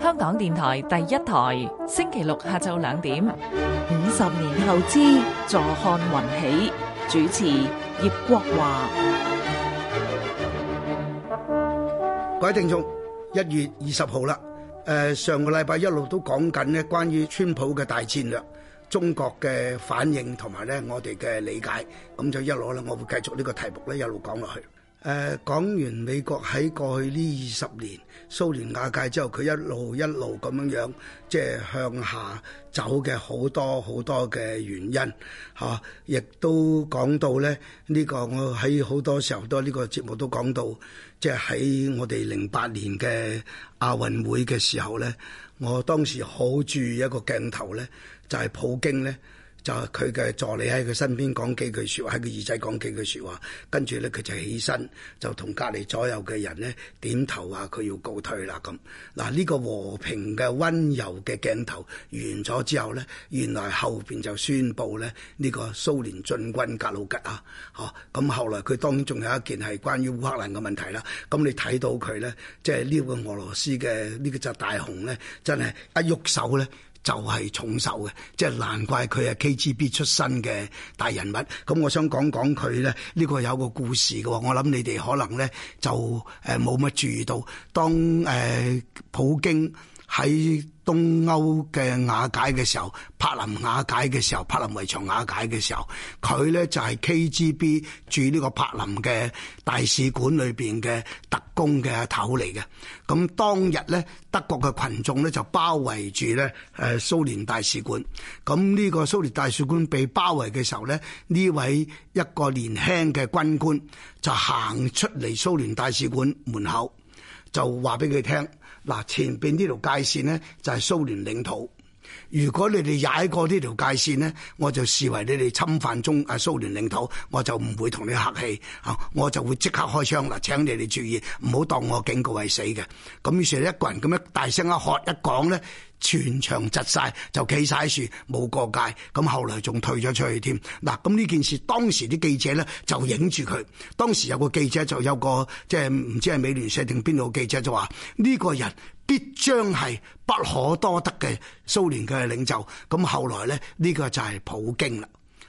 香港電台第一台星期六下晝兩點五十年後之坐看雲起，主持葉國華。各位聽眾，一月二十號啦，上個禮拜一路都講緊呢，關於川普的大戰略、中國的反應同埋呢我哋的理解，咁就一路我會繼續呢個題目一路講落去。誒講完美國喺過去呢二十年蘇聯瓦解之後，佢一路一路咁樣樣，即係向下走嘅好多好多嘅原因，嚇，亦都講到咧呢個我喺好多時候都呢個節目都講到，即係喺我哋零八年嘅亞運會嘅時候咧，我當時好注意一個鏡頭咧，就係普京咧。就佢嘅助理喺佢身邊講幾句説話，喺佢耳仔講幾句説話，跟住咧佢就起身，就同隔離左右嘅人呢點頭啊，佢要告退啦咁。嗱呢個和平嘅温柔嘅鏡頭完咗之後咧，原來後邊就宣佈咧呢個蘇聯進軍格魯吉亞。哦、啊，咁、啊、後來佢當然仲有一件係關於烏克蘭嘅問題啦。咁你睇到佢咧，即係呢個俄羅斯嘅、呢個、呢個隻大熊咧，真係一喐手咧。就係重手嘅，即係難怪佢係 KGB 出身嘅大人物。咁我想講講佢咧，呢個有個故事嘅。我諗你哋可能咧就誒冇乜注意到，當誒、呃、普京喺，東歐嘅瓦解嘅時候，柏林瓦解嘅時候，柏林圍牆瓦解嘅時候，佢咧就係 KGB 駐呢個柏林嘅大使館裏邊嘅特工嘅頭嚟嘅。咁當日咧，德國嘅群眾咧就包圍住咧誒蘇聯大使館。咁呢個蘇聯大使館被包圍嘅時候咧，呢位一個年輕嘅軍官就行出嚟蘇聯大使館門口，就話俾佢聽。嗱，前邊呢條界線咧，就係蘇聯領土。如果你哋踩過呢條界線呢，我就視為你哋侵犯中啊蘇聯領土，我就唔會同你客氣啊！我就會即刻開槍啦！請你哋注意，唔好當我警告係死嘅。咁於是一個人咁樣大聲一喝一講呢，全場窒晒，就企晒喺樹，冇過界。咁後來仲退咗出去添。嗱，咁呢件事當時啲記者呢就影住佢。當時有個記者就有個即係唔知係美聯社定邊度記者就話呢個人。必將係不可多得嘅蘇聯嘅領袖，咁後來咧，呢個就係普京啦。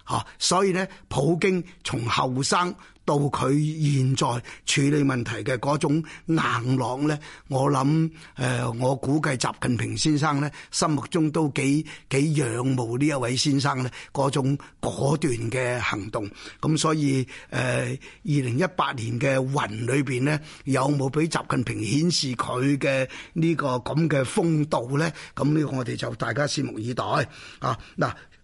啊，所以呢，普京從後生到佢現在，處理問題嘅嗰種硬朗呢，我諗，呃，我估計習近平先生呢，心目中都幾幾仰慕呢一位先生呢，嗰種果斷嘅行動。咁所以呃2018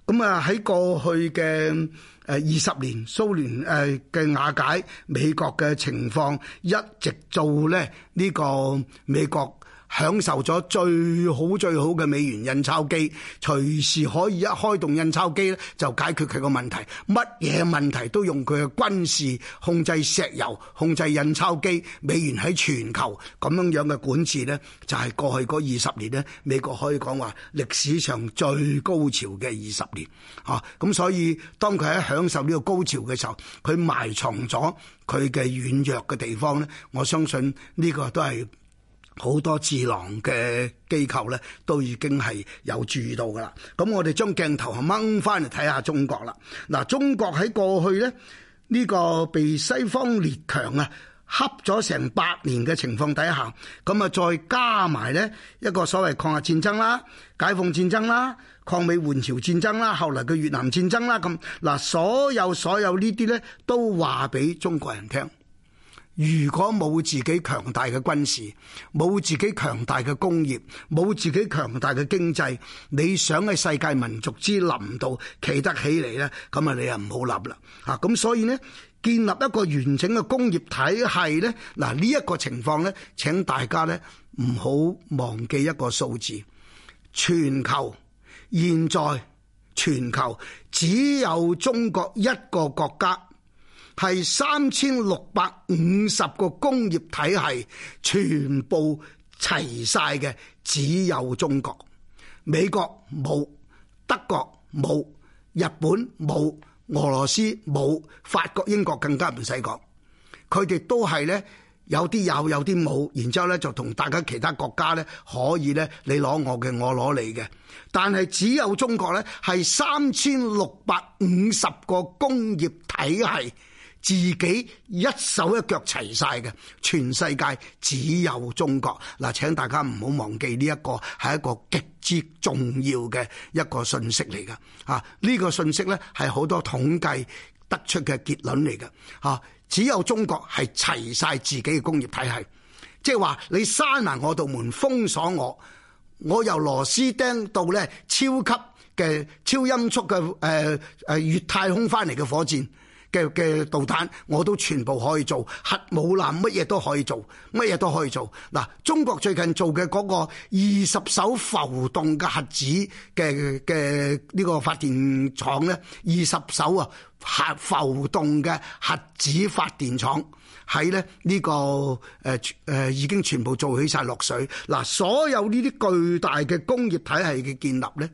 咁啊喺過去嘅誒二十年蘇聯誒嘅瓦解，美國嘅情況一直做咧呢、這個美國。享受咗最好最好嘅美元印鈔機，隨時可以一開動印鈔機咧，就解決佢個問題。乜嘢問題都用佢嘅軍事控制石油、控制印鈔機、美元喺全球咁樣樣嘅管治咧，就係過去嗰二十年咧，美國可以講話歷史上最高潮嘅二十年。啊，咁所以當佢喺享受呢個高潮嘅時候，佢埋藏咗佢嘅軟弱嘅地方咧。我相信呢個都係。好多智囊嘅機構咧，都已經係有注意到噶啦。咁我哋將鏡頭係掹翻嚟睇下中國啦。嗱、啊，中國喺過去咧呢、呢個被西方列強啊，恰咗成百年嘅情況底下，咁啊再加埋咧一個所謂抗日戰爭啦、解放戰爭啦、抗美援朝戰爭啦、後嚟嘅越南戰爭啦，咁嗱、啊，所有所有呢啲咧都話俾中國人聽。如果冇自己強大嘅軍事，冇自己強大嘅工業，冇自己強大嘅經濟，你想喺世界民族之林度企得起嚟咧？咁啊，你啊唔好諗啦！啊，咁所以咧，建立一個完整嘅工業體系咧，嗱呢一個情況咧，請大家咧唔好忘記一個數字，全球現在全球只有中國一個國家。係三千六百五十個工業體系，全部齊晒嘅，只有中國，美國冇，德國冇，日本冇，俄羅斯冇，法國、英國更加唔使講，佢哋都係咧有啲有，有啲冇，然之後咧就同大家其他國家咧可以咧，你攞我嘅，我攞你嘅，但係只有中國咧係三千六百五十個工業體系。自己一手一腳齊晒嘅，全世界只有中國。嗱，請大家唔好忘記呢一個係一個極之重要嘅一個信息嚟嘅。啊，呢、這個信息咧係好多統計得出嘅結論嚟嘅。啊，只有中國係齊晒自己嘅工業體系，即係話你閂埋我度門封鎖我，我由螺絲釘到咧超級嘅超音速嘅誒誒越太空翻嚟嘅火箭。嘅嘅導彈，我都全部可以做核武艦，乜嘢都可以做，乜嘢都可以做嗱。中國最近做嘅嗰個二十艘浮動嘅核子嘅嘅呢個發電廠咧，二十艘啊核浮動嘅核子發電廠喺咧呢個誒誒、呃、已經全部做起晒落水嗱。所有呢啲巨大嘅工業體系嘅建立咧，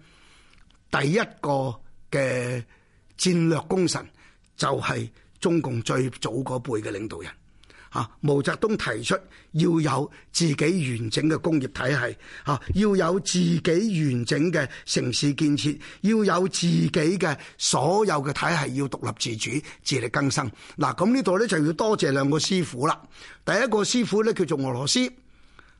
第一個嘅戰略功臣。就係中共最早嗰輩嘅領導人，啊，毛澤東提出要有自己完整嘅工業體系，吓、啊，要有自己完整嘅城市建設，要有自己嘅所有嘅體系，要獨立自主、自力更生。嗱、啊，咁呢度呢，就要多謝兩個師傅啦。第一個師傅呢，叫做俄羅斯，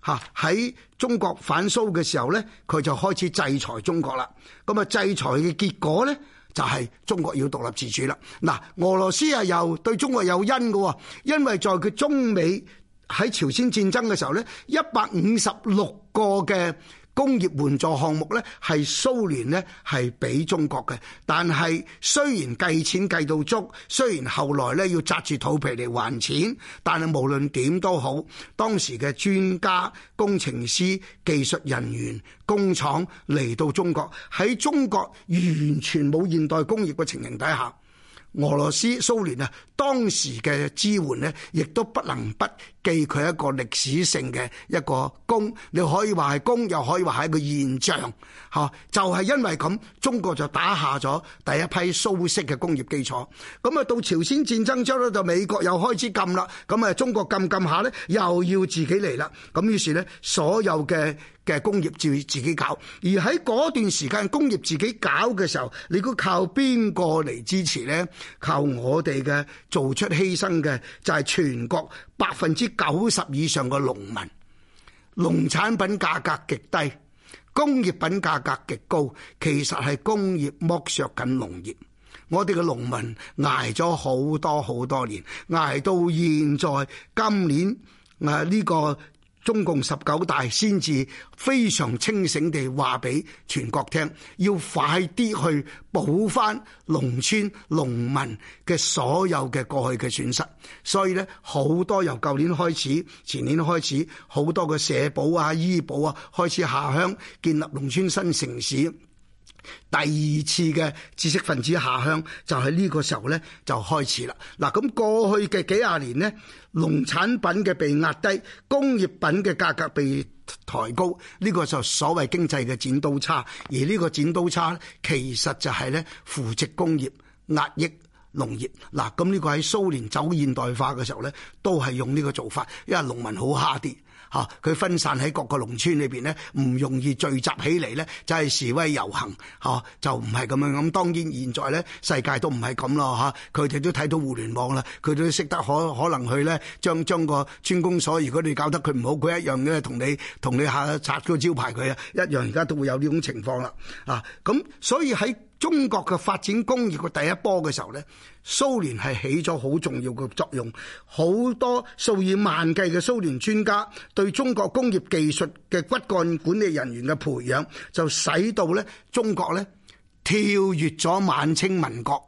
吓、啊、喺中國反蘇嘅時候呢，佢就開始制裁中國啦。咁啊，制裁嘅結果呢。就係中國要獨立自主啦！嗱，俄羅斯係又對中國有恩嘅喎，因為在佢中美喺朝鮮戰爭嘅時候咧，一百五十六個嘅。工業援助項目呢，係蘇聯呢係俾中國嘅，但係雖然計錢計到足，雖然後來呢要紮住肚皮嚟還錢，但係無論點都好，當時嘅專家、工程師、技術人員、工廠嚟到中國，喺中國完全冇現代工業嘅情形底下，俄羅斯蘇聯啊，當時嘅支援呢，亦都不能不。記佢一個歷史性嘅一個工，你可以話係工，又可以話係一個現象，嚇、啊、就係、是、因為咁，中國就打下咗第一批蘇式嘅工業基礎。咁、嗯、啊，到朝鮮戰爭之後咧，就美國又開始禁啦。咁、嗯、啊，中國禁禁下咧，又要自己嚟啦。咁於是咧，所有嘅嘅工業就要自己搞。而喺嗰段時間，工業自己搞嘅時候，你估靠邊個嚟支持咧？靠我哋嘅做出犧牲嘅就係、是、全國。百分之九十以上嘅農民，農產品價格極低，工業品價格極高，其實係工業剝削緊農業。我哋嘅農民捱咗好多好多年，捱到現在今年啊呢個。中共十九大先至非常清醒地話俾全國聽，要快啲去補翻農村農民嘅所有嘅過去嘅損失。所以咧，好多由舊年開始、前年開始，好多嘅社保啊、醫保啊，開始下鄉建立農村新城市。第二次嘅知識分子下鄉就喺、是、呢個時候咧就開始啦。嗱咁過去嘅幾廿年呢，農產品嘅被壓低，工業品嘅價格被抬高，呢、這個就所謂經濟嘅剪刀差。而呢個剪刀差其實就係咧扶植工業壓抑農業。嗱咁呢個喺蘇聯走現代化嘅時候咧，都係用呢個做法，因為農民好蝦啲。嚇，佢分散喺各個農村裏邊呢，唔容易聚集起嚟呢，就係示威遊行，嚇就唔係咁樣。咁當然現在呢，世界都唔係咁咯，嚇佢哋都睇到互聯網啦，佢都識得可可能去呢，將將個村公所，如果你搞得佢唔好，佢一樣嘅同你同你下拆個招牌佢啊，一樣而家都會有呢種情況啦。啊，咁所以喺中國嘅發展工業嘅第一波嘅時候呢，蘇聯係起咗好重要嘅作用。好多數以萬計嘅蘇聯專家對中國工業技術嘅骨幹管理人員嘅培養就使到呢，中國呢跳躍咗晚清民國。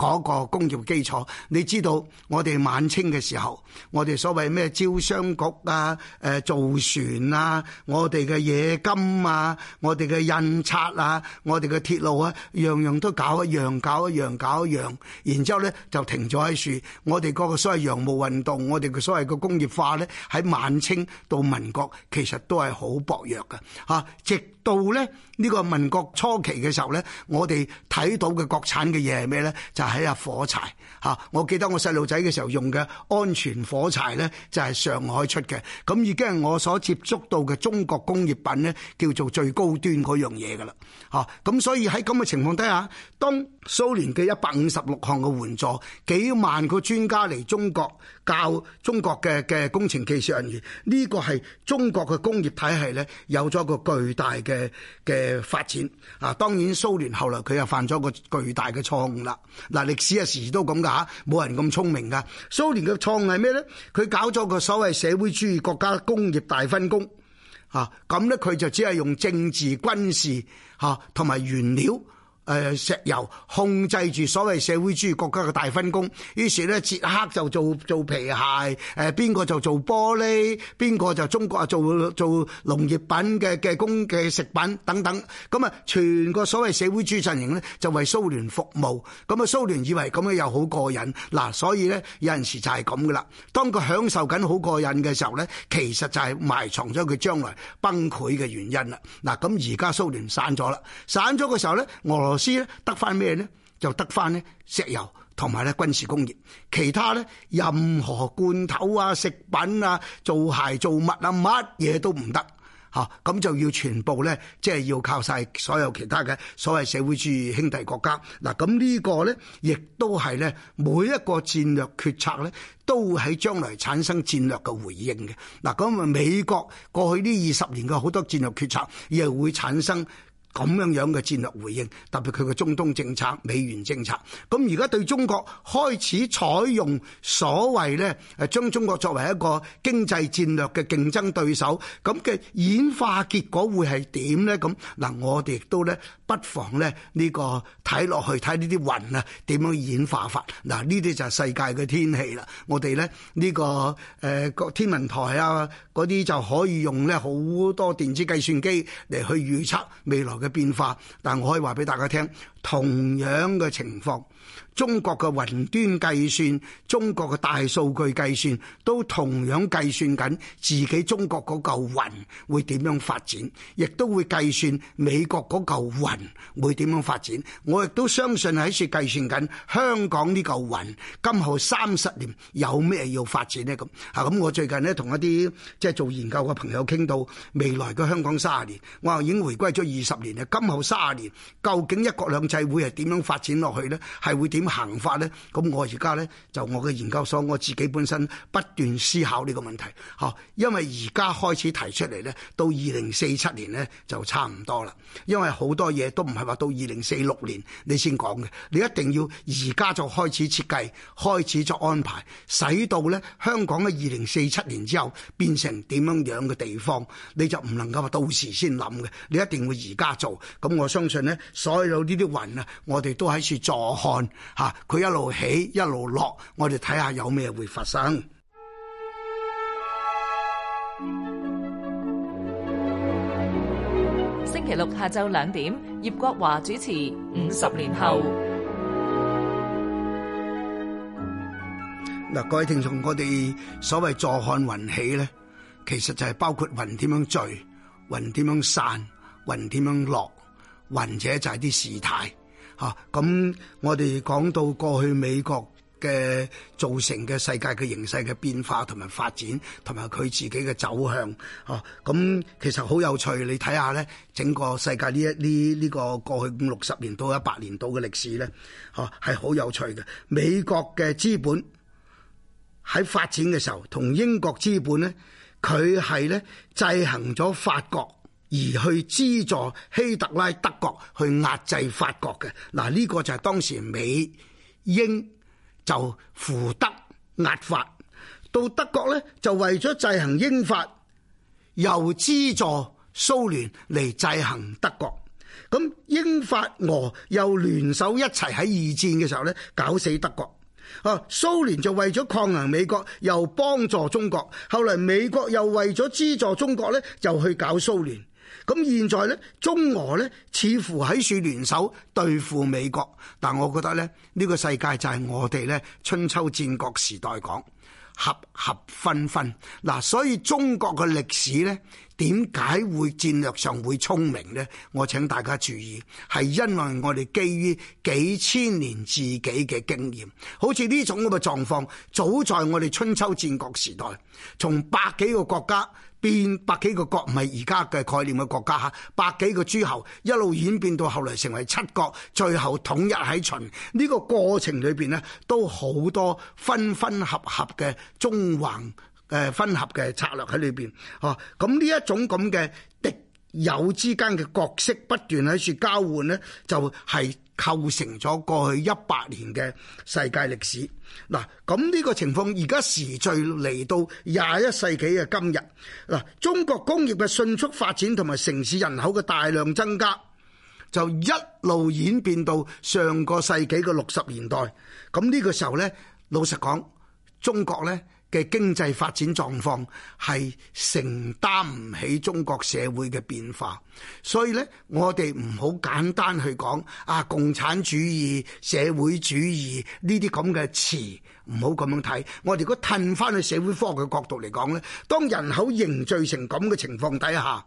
嗰個工業基礎，你知道我哋晚清嘅時候，我哋所謂咩招商局啊、誒造船啊、我哋嘅冶金啊、我哋嘅印刷啊、我哋嘅鐵路啊，樣樣都搞一樣，搞一樣，搞一樣，然之後咧就停咗喺樹。我哋嗰個所謂洋務運動，我哋嘅所謂嘅工業化咧，喺晚清到民國其實都係好薄弱嘅嚇，即、啊。到咧呢個民國初期嘅時候咧，我哋睇到嘅國產嘅嘢係咩咧？就係啊火柴嚇！我記得我細路仔嘅時候用嘅安全火柴咧，就係上海出嘅。咁已經係我所接觸到嘅中國工業品咧，叫做最高端嗰樣嘢噶啦嚇。咁所以喺咁嘅情況底下，當蘇聯嘅一百五十六項嘅援助，幾萬個專家嚟中國。教中國嘅嘅工程技術人員，呢個係中國嘅工業體系咧，有咗個巨大嘅嘅發展。啊，當然蘇聯後來佢又犯咗個巨大嘅錯誤啦。嗱，歷史啊時時都咁㗎，嚇冇人咁聰明㗎。蘇聯嘅錯誤係咩咧？佢搞咗個所謂社會主義國家工業大分工。啊，咁咧佢就只係用政治、軍事嚇同埋原料。誒，石油控制住所謂社會主義國家嘅大分工，於是咧捷克，就做做皮鞋，誒邊個就做玻璃，邊個就中國啊做做農業品嘅嘅工嘅食品等等，咁啊，全個所謂社會主義陣營咧就為蘇聯服務，咁啊蘇聯以為咁樣又好過癮，嗱，所以咧有陣時就係咁噶啦，當佢享受緊好過癮嘅時候咧，其實就係埋藏咗佢將來崩潰嘅原因啦。嗱，咁而家蘇聯散咗啦，散咗嘅時候咧，俄羅俄羅斯咧得翻咩咧？就得翻咧石油同埋咧軍事工業，其他咧任何罐頭啊、食品啊、做鞋做襪啊，乜嘢都唔得嚇。咁、啊、就要全部咧，即、就、係、是、要靠晒所有其他嘅所謂社會主義兄弟國家。嗱、啊，咁呢個咧亦都係咧每一個戰略決策咧，都喺將來產生戰略嘅回應嘅。嗱，咁啊，美國過去呢二十年嘅好多戰略決策，又會產生。咁樣樣嘅戰略回應，特別佢嘅中東政策、美元政策，咁而家對中國開始採用所謂咧，誒，將中國作為一個經濟戰略嘅競爭對手，咁嘅演化結果會係點咧？咁嗱，我哋亦都咧不妨咧呢個睇落去睇呢啲雲啊，點樣演化法？嗱，呢啲就係世界嘅天氣啦。我哋咧呢個誒個天文台啊，嗰啲就可以用咧好多電子計算機嚟,去預測未來嘅變化，但係我可以話俾大家聽。同樣嘅情況，中國嘅雲端計算、中國嘅大數據計算，都同樣計算緊自己中國嗰嚿雲會點樣發展，亦都會計算美國嗰嚿雲會點樣發展。我亦都相信喺算計算緊香港呢嚿雲今後三十年有咩要發展咧？咁啊，咁、嗯、我最近咧同一啲即係做研究嘅朋友傾到，未來嘅香港三十年，我已經回歸咗二十年啦。今後三十年究竟一國兩。制會係點樣發展落去咧？係會點行法咧？咁我而家咧，就我嘅研究所，我自己本身不斷思考呢個問題，吓，因為而家開始提出嚟咧，到二零四七年咧，就差唔多啦。因為好多嘢都唔係話到二零四六年你先講嘅，你一定要而家就開始設計，開始作安排，使到咧，香港嘅二零四七年之後變成點樣樣嘅地方，你就唔能夠話到時先諗嘅，你一定會而家做。咁我相信咧，所有呢啲我哋都喺處坐看，吓，佢一路起一路落，我哋睇下有咩會發生。星期六下晝兩點，葉國華主持《五十年後》。嗱，各位聽眾，我哋所謂坐看雲起咧，其實就係包括雲點樣聚、雲點樣散、雲點樣落。或者就係啲事態嚇，咁、啊、我哋講到過去美國嘅造成嘅世界嘅形勢嘅變化同埋發展，同埋佢自己嘅走向嚇，咁、啊啊、其實好有趣。你睇下咧，整個世界呢一呢呢、這個過去五六十年到一百年度嘅歷史咧，嚇係好有趣嘅。美國嘅資本喺發展嘅時候，同英國資本咧，佢係咧制衡咗法國。而去資助希特拉德國去壓制法國嘅嗱，呢個就係當時美英就扶德壓法，到德國呢，就為咗制衡英法，又資助蘇聯嚟制衡德國。咁英法俄又聯手一齊喺二戰嘅時候呢，搞死德國。啊，蘇聯就為咗抗衡美國，又幫助中國。後嚟美國又為咗資助中國呢，又去搞蘇聯。咁現在呢，中俄呢似乎喺處聯手對付美國，但我覺得呢，呢個世界就係我哋呢春秋戰國時代講合合分分嗱，所以中國嘅歷史呢，點解會戰略上會聰明呢？我請大家注意，係因為我哋基於幾千年自己嘅經驗，好似呢種咁嘅狀況，早在我哋春秋戰國時代，從百幾個國家。變百幾個國，唔係而家嘅概念嘅國家吓，百幾個諸侯一路演變到後來成為七國，最後統一喺秦。呢個過程裏邊咧，都好多分分合合嘅縱橫誒分合嘅策略喺裏邊。哦、啊，咁呢一種咁嘅敵友之間嘅角色不斷喺處交換呢就係。構成咗過去一百年嘅世界歷史。嗱，咁呢個情況而家時序嚟到廿一世紀嘅今日。嗱，中國工業嘅迅速發展同埋城市人口嘅大量增加，就一路演變到上個世紀嘅六十年代。咁呢個時候呢，老實講，中國呢。嘅經濟發展狀況係承擔唔起中國社會嘅變化，所以咧，我哋唔好簡單去講啊，共產主義、社會主義呢啲咁嘅詞，唔好咁樣睇。我哋如果褪翻去社會科學嘅角度嚟講咧，當人口凝聚成咁嘅情況底下，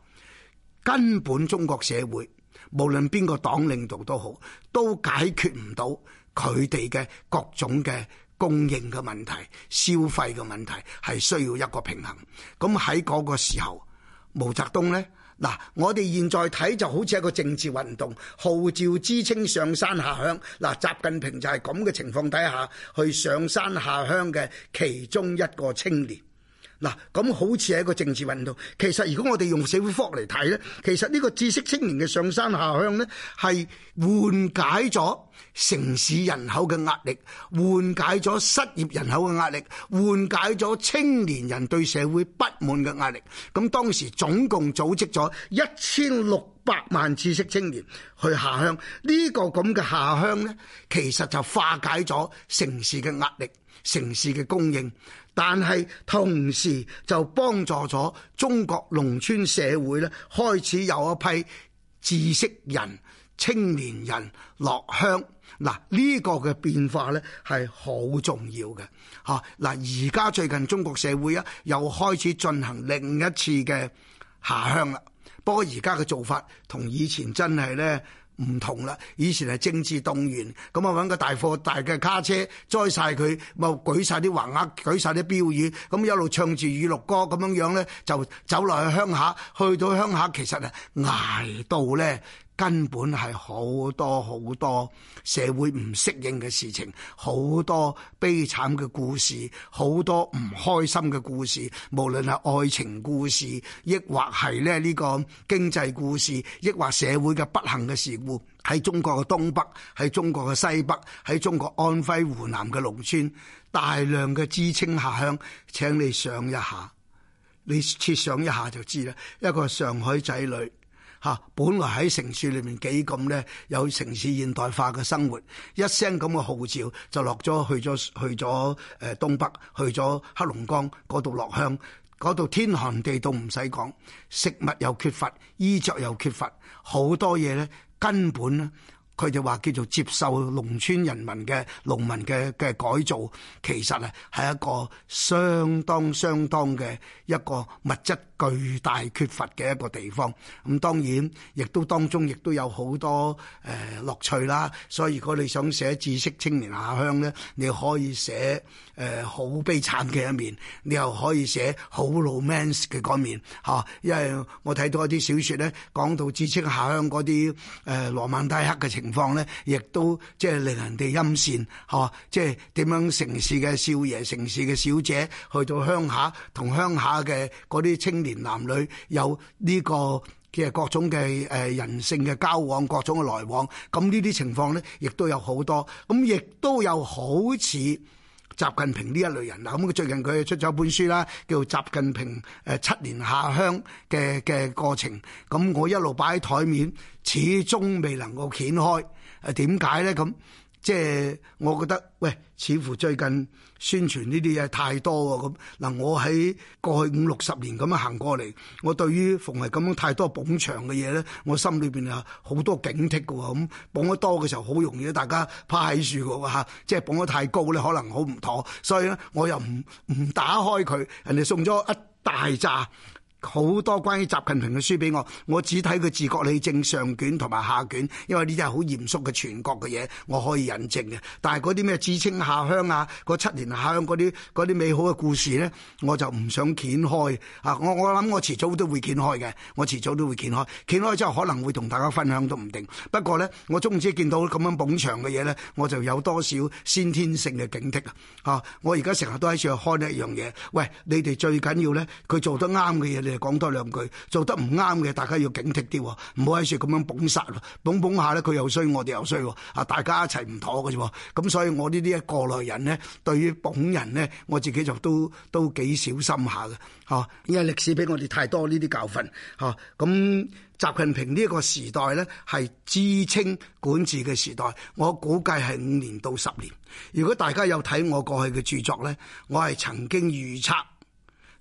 根本中國社會無論邊個黨領導都好，都解決唔到佢哋嘅各種嘅。供應嘅問題、消費嘅問題係需要一個平衡。咁喺嗰個時候，毛澤東呢，嗱，我哋現在睇就好似一個政治運動，號召知青上山下鄉。嗱，習近平就係咁嘅情況底下，去上山下鄉嘅其中一個青年。嗱，咁好似係一個政治運動。其實，如果我哋用社會科學嚟睇呢，其實呢個知識青年嘅上山下鄉呢，係緩解咗城市人口嘅壓力，緩解咗失業人口嘅壓力，緩解咗青年人對社會不滿嘅壓力。咁當時總共組織咗一千六百萬知識青年去下鄉，呢個咁嘅下鄉呢，其實就化解咗城市嘅壓力、城市嘅供應，但係同時就幫助咗中國農村社會呢，開始有一批知識人、青年人落鄉。嗱，呢個嘅變化呢係好重要嘅。吓，嗱，而家最近中國社會啊又開始進行另一次嘅下鄉啦。不過而家嘅做法同以前真係咧唔同啦，以前係政治動員，咁啊揾個大貨大嘅卡車載晒佢，咪舉晒啲橫額，舉晒啲標語，咁一路唱住語錄歌咁樣樣咧，就走落去鄉下，去到鄉下其實啊捱到咧。根本係好多好多社會唔適應嘅事情，好多悲慘嘅故事，好多唔開心嘅故事。無論係愛情故事，抑或係咧呢個經濟故事，抑或社會嘅不幸嘅事故，喺中國嘅東北，喺中國嘅西北，喺中國安徽湖南嘅農村，大量嘅知青下鄉。請你想一下，你設想一下就知啦。一個上海仔女。嚇！本來喺城市裏面幾咁咧，有城市現代化嘅生活，一聲咁嘅號召就落咗去咗去咗誒東北，去咗黑龍江嗰度落鄉，嗰度天寒地凍唔使講，食物又缺乏，衣着又缺乏，好多嘢咧根本咧。佢就話叫做接受農村人民嘅農民嘅嘅改造，其實啊係一個相當相當嘅一個物質巨大缺乏嘅一個地方。咁當然，亦都當中亦都有好多誒樂趣啦。所以如果你想寫知識青年下鄉咧，你可以寫。誒好、呃、悲慘嘅一面，你又可以寫好 romance 嘅嗰面，嚇、嗯！因為我睇到一啲小說咧，講到知青下鄉嗰啲誒羅曼蒂克嘅情況咧，亦都即係令人哋陰線，嚇、嗯嗯！即係點樣城市嘅少爺、城市嘅小姐去到鄉下，同鄉下嘅嗰啲青年男女有呢、這個嘅各種嘅誒人性嘅交往、各種嘅來往，咁呢啲情況咧，亦都，嗯、都有好多，咁亦都有好似。習近平呢一類人嗱，咁佢最近佢出咗本書啦，叫做《習近平誒七年下鄉嘅嘅過程》，咁我一路擺喺台面，始終未能夠掀開，誒點解咧咁？即係我覺得，喂，似乎最近宣傳呢啲嘢太多喎。咁嗱，我喺過去五六十年咁樣行過嚟，我對於逢係咁樣太多捧場嘅嘢咧，我心裏邊有好多警惕嘅喎。咁捧得多嘅時候，好容易大家趴喺樹嘅喎嚇，即係捧得太高咧，可能好唔妥。所以咧，我又唔唔打開佢，人哋送咗一大紮。好多關於習近平嘅書俾我，我只睇佢治國理政上卷同埋下卷，因為呢啲係好嚴肅嘅全國嘅嘢，我可以引證嘅。但係嗰啲咩知青下鄉啊，七年下鄉嗰啲啲美好嘅故事咧，我就唔想掀開啊！我我諗我遲早都會掀開嘅，我遲早都會掀開。掀開之後可能會同大家分享都唔定。不過咧，我總知見到咁樣捧場嘅嘢咧，我就有多少先天性嘅警惕啊！啊，我而家成日都喺度開一樣嘢，喂，你哋最緊要咧，佢做得啱嘅嘢講多兩句，做得唔啱嘅，大家要警惕啲，唔好喺處咁樣捧殺咯，捧捧下咧，佢又衰，我哋又衰，啊，大家一齊唔妥嘅啫。咁所以我呢啲一個過來人呢，對於捧人呢，我自己就都都幾小心下嘅，吓，因為歷史俾我哋太多呢啲教訓，吓，咁習近平呢個時代咧係知青管治嘅時代，我估計係五年到十年。如果大家有睇我過去嘅著作咧，我係曾經預測。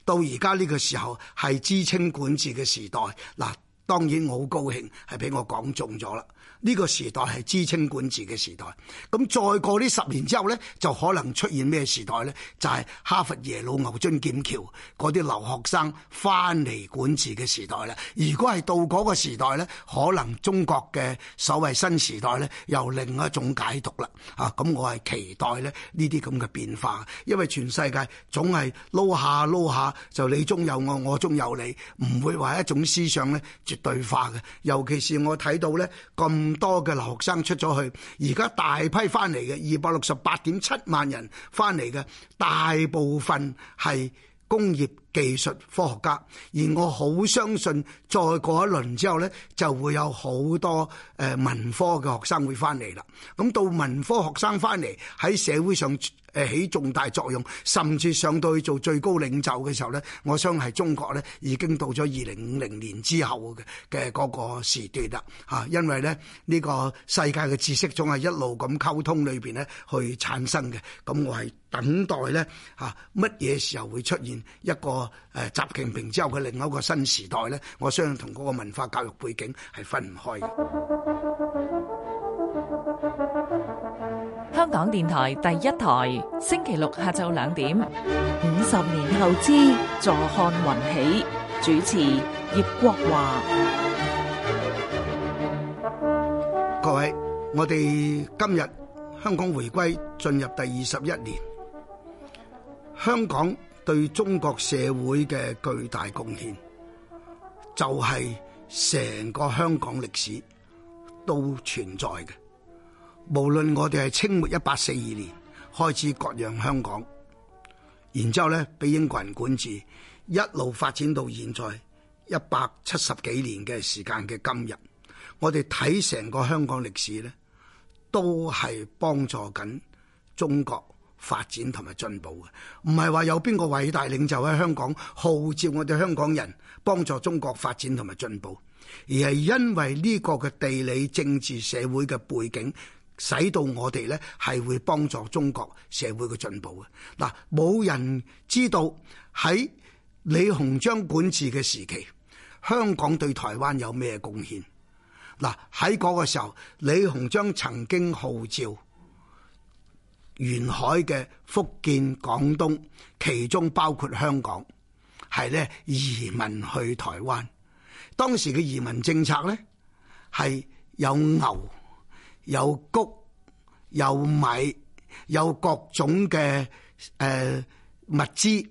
到而家呢個時候係知青管治嘅時代嗱。當然我好高興，係俾我講中咗啦！呢個時代係知青管治嘅時代。咁再過呢十年之後呢，就可能出現咩時代呢？就係哈佛、耶魯、牛津、劍橋嗰啲留學生翻嚟管治嘅時代啦。如果係到嗰個時代呢，可能中國嘅所謂新時代呢，又另一種解讀啦。啊，咁我係期待咧呢啲咁嘅變化，因為全世界總係撈下撈下就你中有我，我中有你，唔會話一種思想呢。絕對化嘅，尤其是我睇到咧咁多嘅留學生出咗去，而家大批翻嚟嘅。二百六十八點七萬人翻嚟嘅，大部分係工業技術科學家，而我好相信再過一輪之後咧，就會有好多誒文科嘅學生會翻嚟啦。咁到文科學生翻嚟喺社會上誒起重大作用，甚至上到去做最高領袖嘅時候咧，我相信係中國咧已經到咗二零五零年之後嘅嘅嗰個時段啦，嚇！因為咧呢個世界嘅知識總係一路咁溝通裏邊咧去產生嘅，咁我係等待咧嚇乜嘢時候會出現一個誒習近平之後嘅另外一個新時代咧？我相信同嗰個文化教育背景係分唔開嘅。香港電台第一台星期六下晝兩點五十年後之坐看雲起，主持葉國華，各位，我哋今日香港回歸進入第二十一年，香港對中國社會嘅巨大貢獻，就係成個香港歷史都存在嘅。無論我哋係清末一八四二年開始割讓香港，然之後呢俾英國人管治，一路發展到現在一百七十幾年嘅時間嘅今日，我哋睇成個香港歷史呢，都係幫助緊中國發展同埋進步嘅。唔係話有邊個偉大領袖喺香港號召我哋香港人幫助中國發展同埋進步，而係因為呢個嘅地理、政治、社會嘅背景。使到我哋呢係會幫助中國社會嘅進步嘅。嗱，冇人知道喺李鴻章管治嘅時期，香港對台灣有咩貢獻？嗱，喺嗰個時候，李鴻章曾經號召沿海嘅福建、廣東，其中包括香港，係呢移民去台灣。當時嘅移民政策呢係有牛。有谷、有米、有各種嘅誒、呃、物資，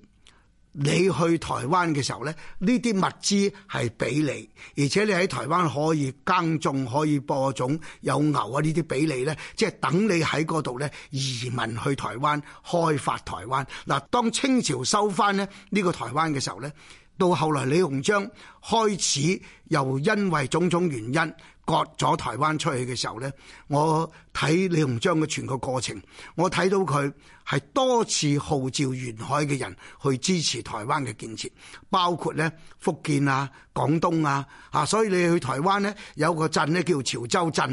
你去台灣嘅時候咧，呢啲物資係俾你，而且你喺台灣可以耕種、可以播種，有牛啊呢啲俾你咧，即係等你喺嗰度咧移民去台灣，開發台灣。嗱，當清朝收翻咧呢個台灣嘅時候咧，到後來李鴻章開始又因為種種原因。割咗台灣出去嘅時候咧，我睇李鴻章嘅全個過程，我睇到佢係多次號召沿海嘅人去支持台灣嘅建設，包括咧福建啊、廣東啊，嚇。所以你去台灣咧，有個鎮呢叫潮州鎮，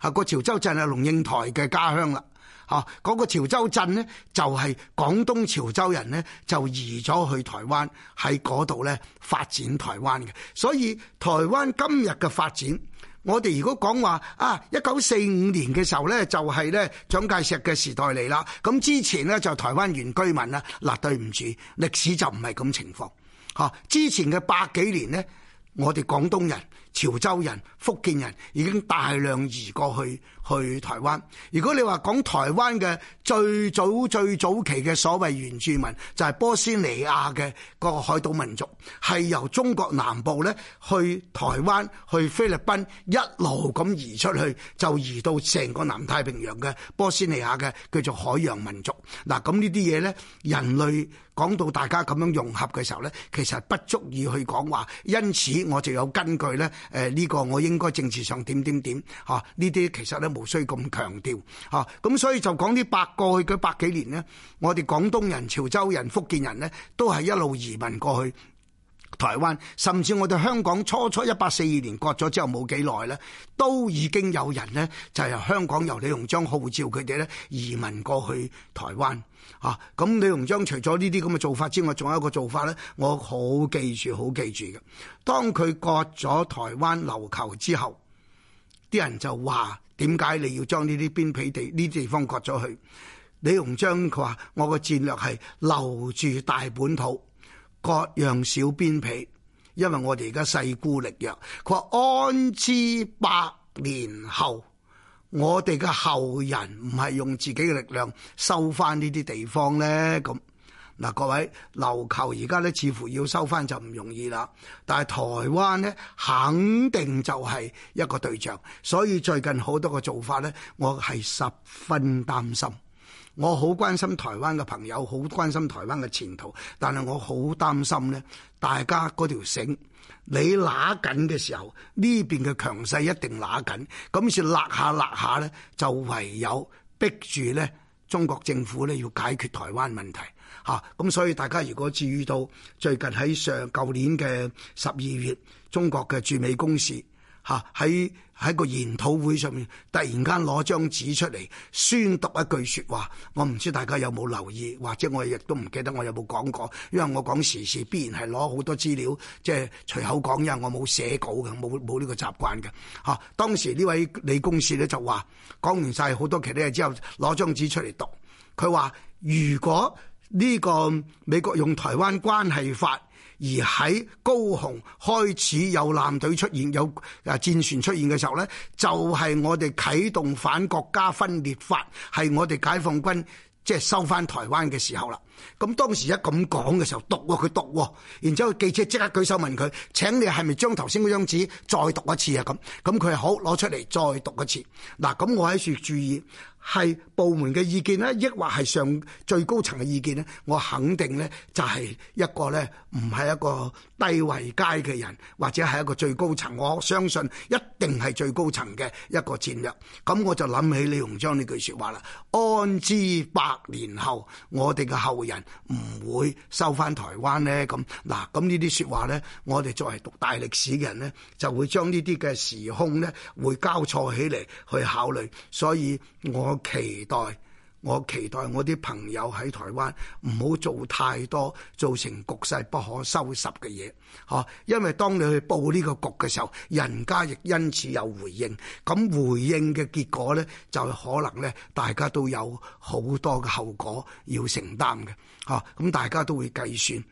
係、嗰個潮州鎮係龍應台嘅家鄉啦，嚇。嗰個潮州鎮呢，就係廣東潮州人呢就移咗去台灣喺嗰度咧發展台灣嘅，所以台灣今日嘅發展。我哋如果講話啊，一九四五年嘅時候咧，就係咧蔣介石嘅時代嚟啦。咁之前咧就是、台灣原居民啦。嗱、啊，對唔住，歷史就唔係咁情況。吓、啊，之前嘅百幾年呢。我哋廣東人、潮州人、福建人已經大量移過去去台灣，如果你話講台灣嘅最早最早期嘅所謂原住民，就係、是、波斯尼亞嘅個海島民族，係由中國南部咧去台灣去菲律賓一路咁移出去，就移到成個南太平洋嘅波斯尼亞嘅叫做海洋民族。嗱，咁呢啲嘢咧，人類講到大家咁樣融合嘅時候咧，其實不足以去講話，因此。我就有根據咧，誒呢個我應該政治上點點點嚇，呢啲其實咧無需咁強調嚇。咁所以就講啲百過去嘅百幾年咧，我哋廣東人、潮州人、福建人咧都係一路移民過去台灣，甚至我哋香港初初一八四二年割咗之後冇幾耐咧，都已經有人咧就係香港由李鴻章號召佢哋咧移民過去台灣。啊！咁李鴻章除咗呢啲咁嘅做法之外，仲有一個做法咧，我好記住，好記住嘅。當佢割咗台灣琉球之後，啲人就話：點解你要將呢啲邊鄙地呢啲地方割咗去？李鴻章佢話：我個戰略係留住大本土，割讓小邊鄙。因為我哋而家勢孤力弱。佢話安知百年後？我哋嘅後人唔係用自己嘅力量收翻呢啲地方咧？咁嗱，各位，琉球而家咧，似乎要收翻就唔容易啦，但係台灣咧，肯定就係一個對象，所以最近好多個做法咧，我係十分擔心，我好關心台灣嘅朋友，好關心台灣嘅前途，但係我好擔心咧，大家嗰條繩。你拿緊嘅時候，呢邊嘅強勢一定拿緊，咁於是勒下勒下咧，就唯有逼住咧，中國政府咧要解決台灣問題嚇，咁、啊、所以大家如果注意到最近喺上舊年嘅十二月，中國嘅駐美公司。嚇，喺喺個研討會上面，突然間攞張紙出嚟宣讀一句説話，我唔知大家有冇留意，或者我亦都唔記得我有冇講過，因為我講時事必然係攞好多資料，即係隨口講，因為我冇寫稿嘅，冇冇呢個習慣嘅。嚇、啊，當時位呢位李公士咧就話講完晒好多其他嘢之後，攞張紙出嚟讀，佢話如果呢個美國用台灣關係法。而喺高雄開始有艦隊出現，有誒戰船出現嘅時候咧，就係、是、我哋啟動反國家分裂法，係我哋解放軍即係收翻台灣嘅時候啦。咁當時一咁講嘅時候，讀喎佢讀喎，然之後記者即刻舉手問佢：請你係咪將頭先嗰張紙再讀一次啊？咁咁佢係好，攞出嚟再讀一次。嗱、就是，咁我喺處注意。係部門嘅意見呢，抑或係上最高層嘅意見呢？我肯定呢就係一個呢，唔係一個低位階嘅人，或者係一個最高層。我相信一定係最高層嘅一個戰略。咁我就諗起李鴻章呢句說話啦：安知百年後我哋嘅後人唔會收翻台灣呢，咁嗱，咁呢啲說話呢，我哋作為讀大歷史嘅人呢，就會將呢啲嘅時空呢會交錯起嚟去考慮。所以我。我期待，我期待我啲朋友喺台灣唔好做太多造成局勢不可收拾嘅嘢，吓，因為當你去布呢個局嘅時候，人家亦因此有回應，咁回應嘅結果咧就可能咧大家都有好多嘅後果要承擔嘅，吓，咁大家都會計算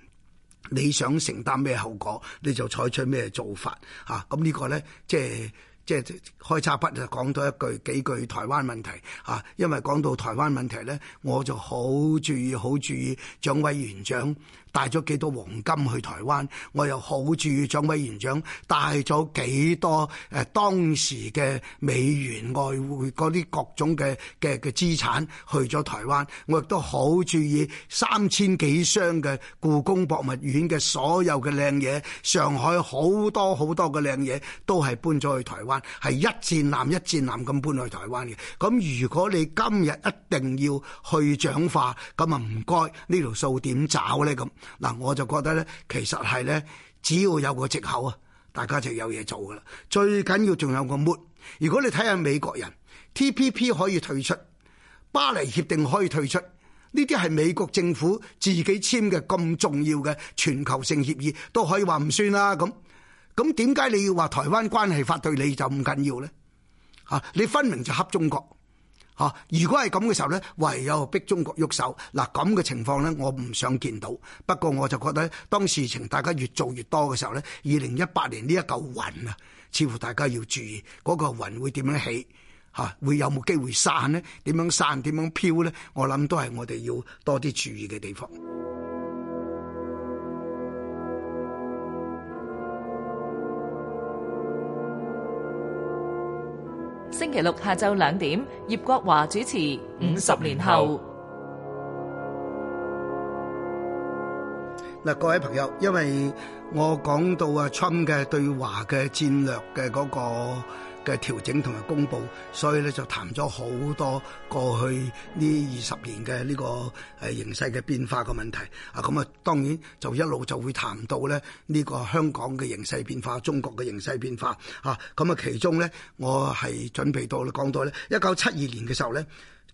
你想承擔咩後果，你就採取咩做法，吓，咁呢個咧即係。即係開叉筆就講到一句幾句台灣問題啊，因為講到台灣問題咧，我就好注意好注意蔣委員長帶咗幾多黃金去台灣，我又好注意蔣委員長帶咗幾多誒，當時嘅美元外匯啲各種嘅嘅嘅資產去咗台灣，我亦都好注意三千幾箱嘅故宮博物院嘅所有嘅靚嘢，上海好多好多嘅靚嘢都係搬咗去台灣。係一戰艦一戰艦咁搬去台灣嘅，咁如果你今日一定要去掌化，咁啊唔該呢條數點找呢？咁，嗱我就覺得呢，其實係呢，只要有個藉口啊，大家就有嘢做噶啦。最緊要仲有個 mood，如果你睇下美國人 TPP 可以退出，巴黎協定可以退出，呢啲係美國政府自己簽嘅咁重要嘅全球性協議，都可以話唔算啦咁。咁點解你要話台灣關係法對你就唔緊要咧？啊，你分明就恰中國。嚇，如果係咁嘅時候咧，唯有逼中國喐手。嗱，咁嘅情況咧，我唔想見到。不過我就覺得，當事情大家越做越多嘅時候咧，二零一八年呢一嚿雲啊，似乎大家要注意嗰個雲會點樣起？嚇，會有冇機會散呢？點樣散？點樣飄咧？我諗都係我哋要多啲注意嘅地方。星期六下晝兩點，葉國華主持《五十年後》五五。嗱， 各位朋友，因為我講到啊，侵嘅對華嘅戰略嘅嗰、個。嘅調整同埋公佈，所以咧就談咗好多過去呢二十年嘅呢個誒形勢嘅變化個問題。啊，咁啊當然就一路就會談到咧呢個香港嘅形勢變化、中國嘅形勢變化。嚇、啊，咁啊其中咧，我係準備到講到咧。一九七二年嘅時候咧。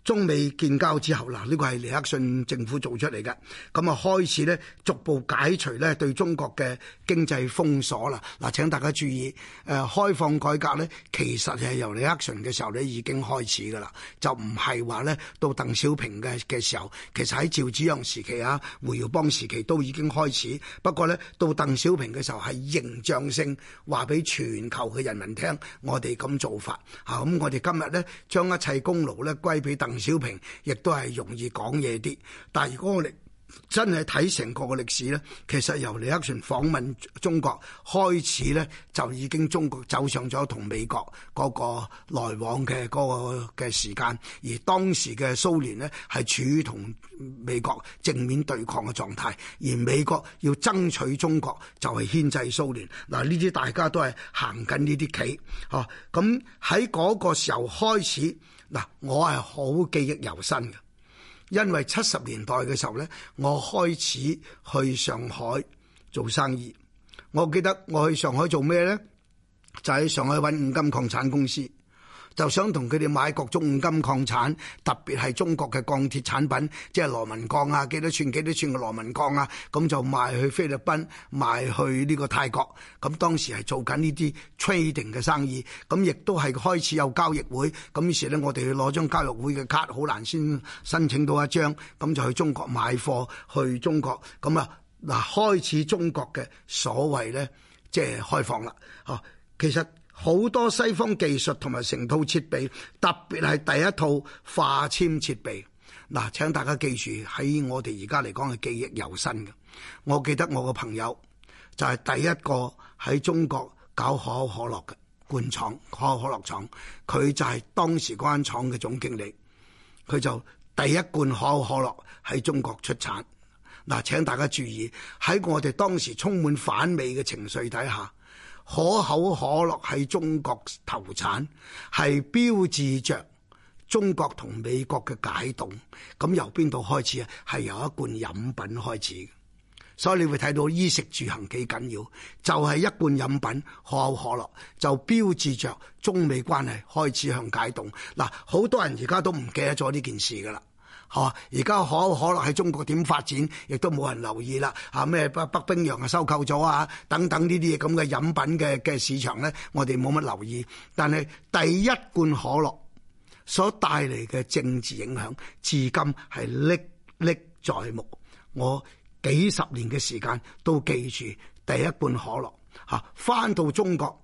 中美建交之後嗱，呢個係尼克遜政府做出嚟嘅。咁啊開始咧逐步解除咧對中國嘅經濟封鎖啦。嗱，請大家注意，誒開放改革咧，其實係由尼克遜嘅時候咧已經開始㗎啦，就唔係話咧到鄧小平嘅嘅時候，其實喺趙紫陽時期啊、胡耀邦時期都已經開始，不過咧到鄧小平嘅時候係形象性話俾全球嘅人民聽我哋咁做法嚇，咁我哋今日咧將一切功勞咧歸俾鄧。鄧小平亦都係容易講嘢啲，但係如果我哋真係睇成個個歷史咧，其實由尼克遜訪問中國開始咧，就已經中國走上咗同美國嗰個來往嘅嗰個嘅時間，而當時嘅蘇聯咧係處於同美國正面對抗嘅狀態，而美國要爭取中國就係牽制蘇聯嗱，呢啲大家都係行緊呢啲棋，嗬，咁喺嗰個時候開始。嗱，我係好記憶猶新嘅，因為七十年代嘅時候咧，我開始去上海做生意。我記得我去上海做咩咧？就喺上海揾五金礦產公司。就想同佢哋買各種五金礦產，特別係中國嘅鋼鐵產品，即係螺紋鋼啊，幾多寸幾多寸嘅螺紋鋼啊，咁就賣去菲律賓，賣去呢個泰國。咁當時係做緊呢啲 trading 嘅生意，咁亦都係開始有交易會。咁於是咧，我哋去攞張交易會嘅卡，好難先申請到一張。咁就去中國買貨，去中國。咁啊，嗱，開始中國嘅所謂咧，即係開放啦。哦，其實。好多西方技術同埋成套設備，特別係第一套化纖設備。嗱，請大家記住，喺我哋而家嚟講係記憶猶新嘅。我記得我個朋友就係第一個喺中國搞可口可樂嘅罐廠、可口可樂廠，佢就係當時嗰間廠嘅總經理。佢就第一罐可口可樂喺中國出產。嗱，請大家注意，喺我哋當時充滿反美嘅情緒底下。可口可樂喺中國投產，係標誌着中國同美國嘅解凍。咁由邊度開始啊？係由一罐飲品開始。所以你會睇到衣食住行幾緊要，就係一罐飲品可口可樂就標誌着中美關係開始向解凍。嗱，好多人而家都唔記得咗呢件事噶啦。嚇！而家、啊、可口可樂喺中國點發展，亦都冇人留意啦。嚇、啊、咩北北冰洋啊，收購咗啊等等呢啲嘢咁嘅飲品嘅嘅市場咧，我哋冇乜留意。但係第一罐可樂所帶嚟嘅政治影響，至今係歷歷在目。我幾十年嘅時間都記住第一罐可樂嚇。返、啊、到中國。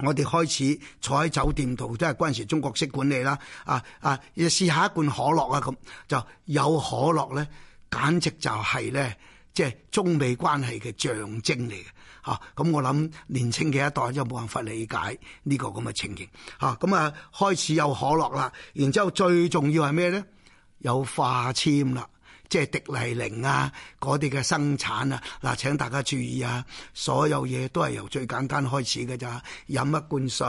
我哋開始坐喺酒店度，都係嗰陣時中國式管理啦，啊啊！試下一罐可樂啊，咁就有可樂咧，簡直就係咧，即係中美關係嘅象徵嚟嘅嚇。咁啊，我諗年輕嘅一代就冇辦法理解呢個咁嘅情形嚇。咁啊，啊，開始有可樂啦，然之後最重要係咩咧？有化纖啦。即係迪麗玲啊！嗰啲嘅生產啊，嗱，請大家注意啊！所有嘢都係由最簡單開始嘅咋，飲一罐水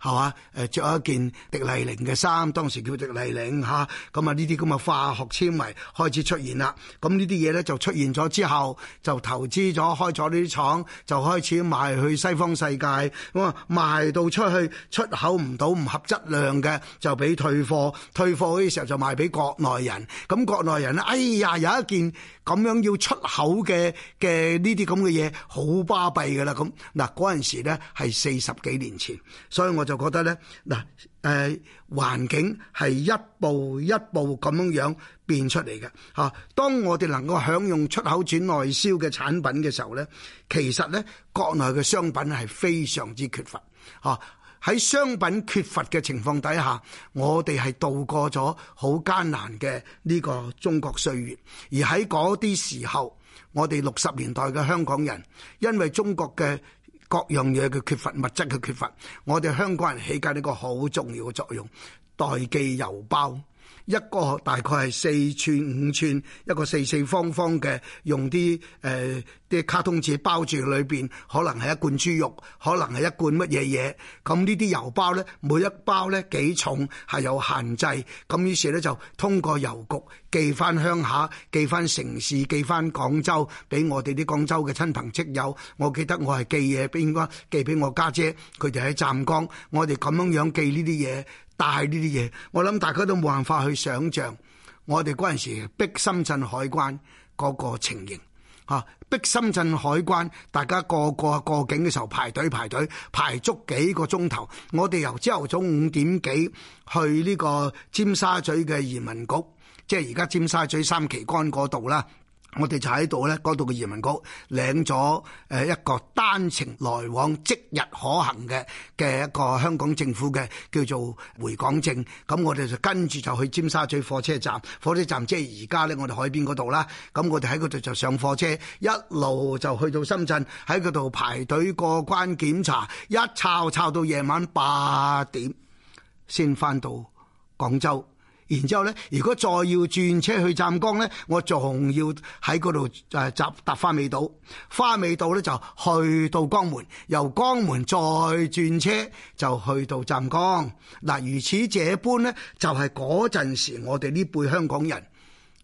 係嘛？誒著一件迪麗玲嘅衫，當時叫迪麗玲吓，咁啊，呢啲咁嘅化學纖維開始出現啦。咁呢啲嘢咧就出現咗之後就投資咗開咗呢啲廠，就開始賣去西方世界。咁啊賣到出去出口唔到唔合質量嘅，就俾退貨，退貨嗰啲時候就賣俾國內人。咁國內人咧。哎呀，有一件咁樣要出口嘅嘅呢啲咁嘅嘢，好巴閉噶啦咁嗱，嗰陣時呢係四十幾年前，所以我就覺得呢嗱，誒環境係一步一步咁樣樣變出嚟嘅吓。當我哋能夠享用出口轉內銷嘅產品嘅時候呢，其實呢國內嘅商品係非常之缺乏吓。喺商品缺乏嘅情況底下，我哋係度過咗好艱難嘅呢個中國歲月。而喺嗰啲時候，我哋六十年代嘅香港人，因為中國嘅各樣嘢嘅缺乏、物質嘅缺乏，我哋香港人起緊呢個好重要嘅作用，代寄郵包。一個大概係四寸五寸，一個四四方方嘅，用啲誒啲卡通紙包住裏邊，可能係一罐豬肉，可能係一罐乜嘢嘢。咁呢啲郵包咧，每一包咧幾重係有限制。咁於是咧就通過郵局寄翻鄉下，寄翻城市，寄翻廣州，俾我哋啲廣州嘅親朋戚友。我記得我係寄嘢俾，應該寄俾我家姐，姐，佢哋喺湛江。我哋咁樣樣寄呢啲嘢。但係呢啲嘢，我諗大家都冇辦法去想像，我哋嗰陣時逼深圳海關嗰個情形嚇、啊，逼深圳海關，大家個個過，過境嘅時候排隊排隊，排足幾個鐘頭。我哋由朝頭早五點幾去呢個尖沙咀嘅移民局，即係而家尖沙咀三旗杆嗰度啦。我哋就喺度咧，嗰度嘅移民局領咗誒一個單程來往即日可行嘅嘅一個香港政府嘅叫做回港證，咁我哋就跟住就去尖沙咀火車站，火車站即係而家咧我哋海邊嗰度啦，咁我哋喺嗰度就上火車，一路就去到深圳，喺嗰度排隊過關檢查，一摷摷到夜晚八點先返到廣州。然之後咧，如果再要轉車去湛江咧，我仲要喺度誒集搭花尾渡，花尾渡咧就去到江門，由江門再轉車就去到湛江。嗱、啊，如此這般咧，就係、是、嗰陣時我哋呢輩香港人。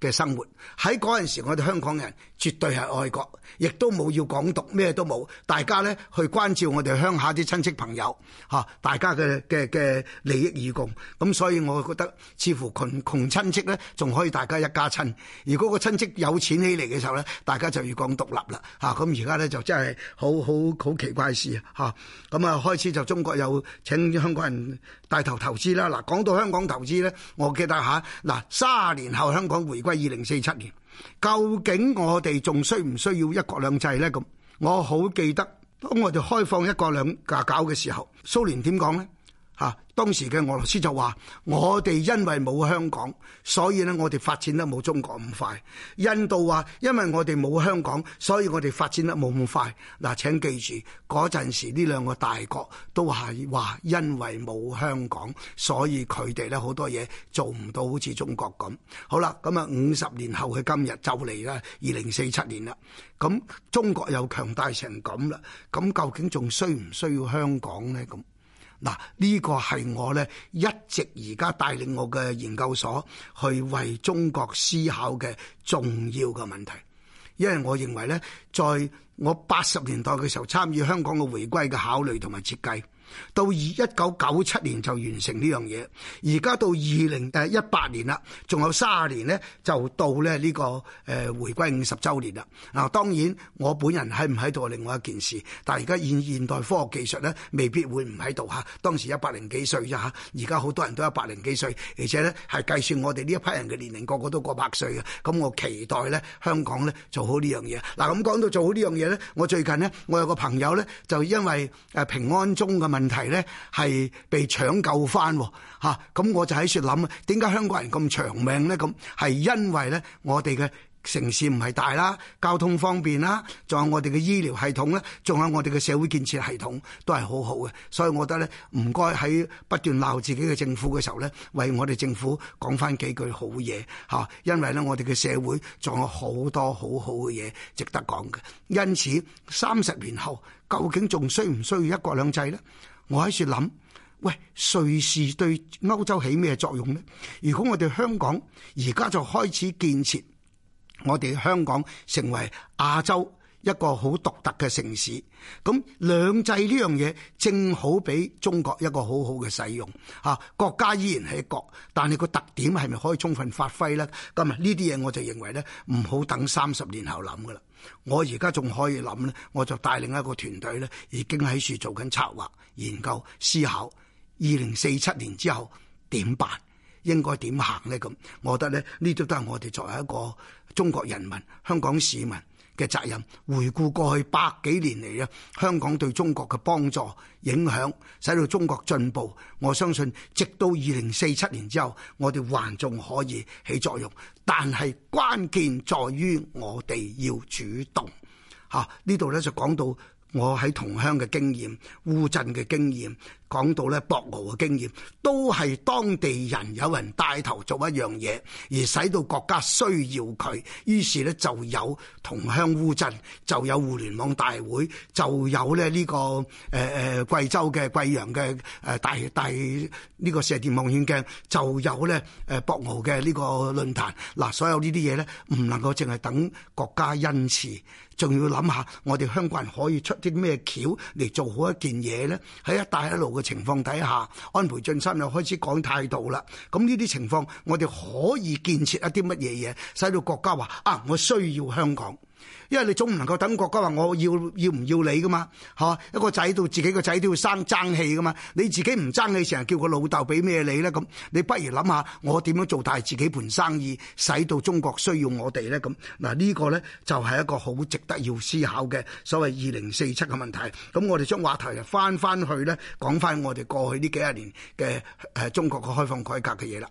嘅生活喺陣時，我哋香港人絕對係愛國，亦都冇要港獨咩都冇。大家咧去關照我哋鄉下啲親戚朋友，吓、啊、大家嘅嘅嘅利益與共。咁所以我覺得，似乎窮窮，窮，窮親戚咧仲可以大家一家親。如果個親戚有錢起嚟嘅時候咧，大家就要講獨立啦。吓，咁而家咧就真係好好好奇怪事啊！吓咁啊開始就中國有請香港人帶頭投資啦。嗱、啊，講到香港投資咧，我記得吓嗱、啊啊、三十年後香港回歸。二零四七年，究竟我哋仲需唔需要一國兩制咧？咁我好記得，當我哋開放一國兩制搞嘅時候，蘇聯點講咧？吓，當時嘅俄羅斯就話：我哋因為冇香港，所以咧我哋發展得冇中國咁快。印度話，因為我哋冇香港，所以我哋發展得冇咁快。嗱，請記住嗰陣時呢兩個大國都係話，因為冇香港，所以佢哋咧好多嘢做唔到好似中國咁。好啦，咁啊五十年後嘅今日就嚟啦，二零四七年啦。咁中國又強大成咁啦，咁究竟仲需唔需要香港呢？咁？嗱，呢個係我咧一直而家帶領我嘅研究所去為中國思考嘅重要嘅問題，因為我認為咧，在我八十年代嘅時候參與香港嘅回歸嘅考慮同埋設計。到二一九九七年就完成呢樣嘢，而家到二零誒一八年啦，仲有卅年呢，就到咧、這、呢個誒、呃、回歸五十周年啦。嗱，當然我本人喺唔喺度另外一件事，但係而家現現代科學技術呢，未必會唔喺度吓。當時一百零幾歲咋吓，而家好多人都一百零幾歲，而且呢係計算我哋呢一批人嘅年齡，個個都過百歲啊。咁我期待呢香港呢做好呢樣嘢。嗱、啊，咁講到做好呢樣嘢呢，我最近呢，我有個朋友呢，就因為誒平安鐘嘅問題。問題呢係被搶救翻，吓，咁我就喺度諗，點解香港人咁長命呢？咁係因為呢，我哋嘅城市唔係大啦，交通方便啦，仲有我哋嘅醫療系統呢，仲有我哋嘅社會建設系統都係好好嘅。所以我覺得呢，唔該喺不斷鬧自己嘅政府嘅時候呢，為我哋政府講翻幾句好嘢，吓，因為呢，我哋嘅社會仲有好多好好嘅嘢值得講嘅。因此三十年後，究竟仲需唔需要一國兩制呢？我喺處諗，喂，瑞士對歐洲起咩作用咧？如果我哋香港而家就開始建設，我哋香港成為亞洲一個好獨特嘅城市，咁兩制呢樣嘢正好俾中國一個好好嘅使用，吓、啊、國家依然係一國，但係個特點係咪可以充分發揮咧？咁啊呢啲嘢我就認為咧，唔好等三十年後諗噶啦，我而家仲可以諗咧。我就帶領一個團隊咧，已經喺處做緊策劃、研究、思考，二零四七年之後點辦，應該點行咧？咁我覺得咧，呢都都係我哋作為一個中國人民、香港市民嘅責任，回顧過去百幾年嚟啊，香港對中國嘅幫助影響，使到中國進步。我相信直到二零四七年之後，我哋還仲可以起作用。但係關鍵在於我哋要主動。嚇，啊，呢度咧就講到我喺同鄉嘅經驗，烏鎮嘅經驗。講到咧博鰲嘅經驗都係當地人有人帶頭做一樣嘢，而使到國家需要佢，於是咧就有同鄉烏鎮，就有互聯網大會，就有咧、這、呢個誒誒貴州嘅貴陽嘅誒大大呢、這個射電望遠鏡就有咧誒博鰲嘅呢個論壇嗱，所有呢啲嘢咧，唔能夠淨係等國家恩賜，仲要諗下我哋香港人可以出啲咩橋嚟，做好一件嘢咧。喺一帶一路嘅。情況底下，安倍晉三又開始講態度啦。咁呢啲情況，我哋可以建設一啲乜嘢嘢，使到國家話啊，我需要香港。因為你總唔能夠等國家話我要要唔要你噶嘛，吓、啊、一個仔到自己個仔都要生爭氣噶嘛，你自己唔爭氣成日叫個老豆俾咩你咧？咁你不如諗下我點樣做大自己盤生意，使到中國需要我哋咧？咁嗱、啊、這個、呢個咧就係、是、一個好值得要思考嘅所謂二零四七嘅問題，咁、啊、我哋將話題就翻翻去咧，講翻我哋過去呢幾廿年嘅誒、啊、中國嘅開放改革嘅嘢啦。